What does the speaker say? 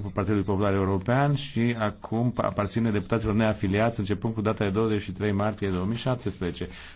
grupul Partidului Popular European și acum aparține deputaților neafiliați începând cu data de 23 martie 2017.